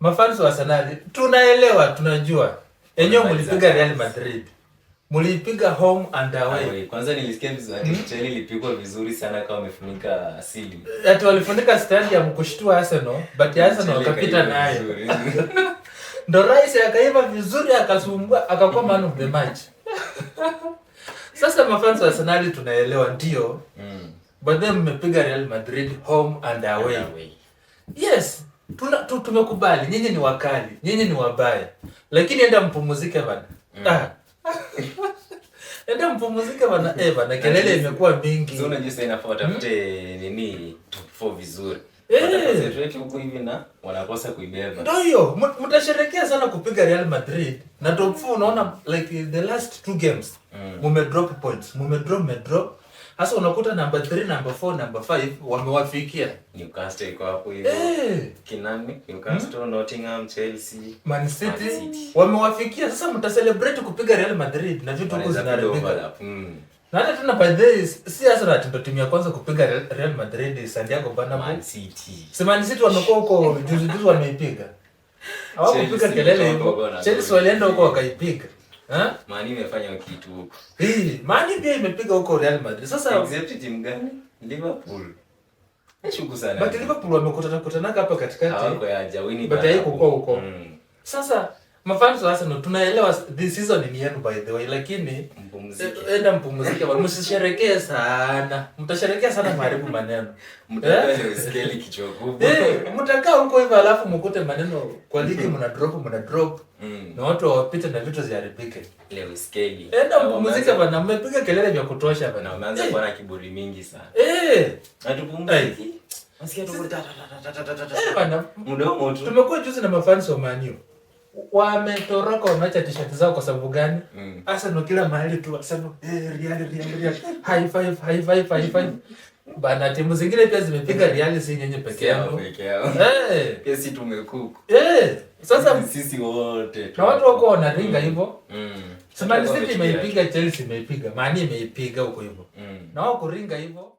Mafans wa Arsenal tunaelewa, tunajua enyewe mlipiga Real Madrid, mlipiga home and away. Kwanza nilisikia vizuri mm Chelsea ilipigwa vizuri sana kama wamefunika asili, ati walifunika stadium kushtua Arsenal, but Arsenal wakapita nayo ndo rais akaiva vizuri akasumbua akakuwa man of the match. Sasa mafans wa Arsenal tunaelewa, ndio mm. But then mmepiga Real Madrid home and away, and away. Yes tuna tu, tumekubali nyinyi ni wakali, nyinyi ni wabaya, lakini enda mpumuzike bana. Mm. Ah. Enda mpumuzike bana, eh bana, kelele imekuwa mingi. Sasa unajua sasa inafaa watafute hmm? nini top vizuri. Eh, huko hivi na wanakosa kuibeba. Ndio hiyo, mtasherekea sana kupiga Real Madrid na top 4 unaona like the last two games. Mm. Mume drop points, mume drop, mume drop Hasa unakuta namba 3, namba 4, namba 5 wamewafikia. Newcastle iko hapo hivyo. Hey. Eh! Kinani, Newcastle, hmm. Nottingham, Chelsea, Man City, Man City. Wamewafikia. Sasa mtacelebrate kupiga Real Madrid na vitu huko zinaharibika. Na hata tuna by this, si Arsenal ndio timu ya kwanza kupiga Real Madrid, Santiago Bernabeu. Man City. Si Man City wamekuwa huko juzi juzi wameipiga. Hawakupiga kelele hivyo. Chelsea walienda huko wakaipiga. Mani imefanya kitu huko. Eh, Mani pia imepiga huko Real Madrid. Sasa except timu gani? Liverpool. Nishuku sana. But Liverpool wamekutana kutanaka hapa katikati. Hawako ya hajawini. But haiko kwa huko. Mm. Sasa mafans sasa ndo tunaelewa this season ni yenu by the way, lakini mpumzike, eh, enda mpumzike, msisherekee sana. Mtasherekea sana mharibu maneno, mtakayosikia eh? kichoko kubwa eh, mtakaa huko hivyo, alafu mkute maneno kwa ligi, mna drop mna drop mm. na watu wapite na vitu ziharibike. Leo skeli, enda mpumzike bwana, mmepiga kelele vya kutosha bwana, umeanza kuwa na eh. kiburi mingi sana eh, atupumzike, msikia tu tumekuwa juzi na mafans wa Man wametoroka wameacha tishati zao kwa sababu gani? hasa Mm. no kila mahali tu Arsenal eh, Real Real bana. Timu zingine pia zimepiga riali si nyenye peke yao peke yao eh. tumekuku eh. Sasa sisi wote na watu wako wanaringa mm. hivyo mm. Sema City imeipiga Chelsea, imeipiga maani imeipiga huko hivyo mm. na wao kuringa hivyo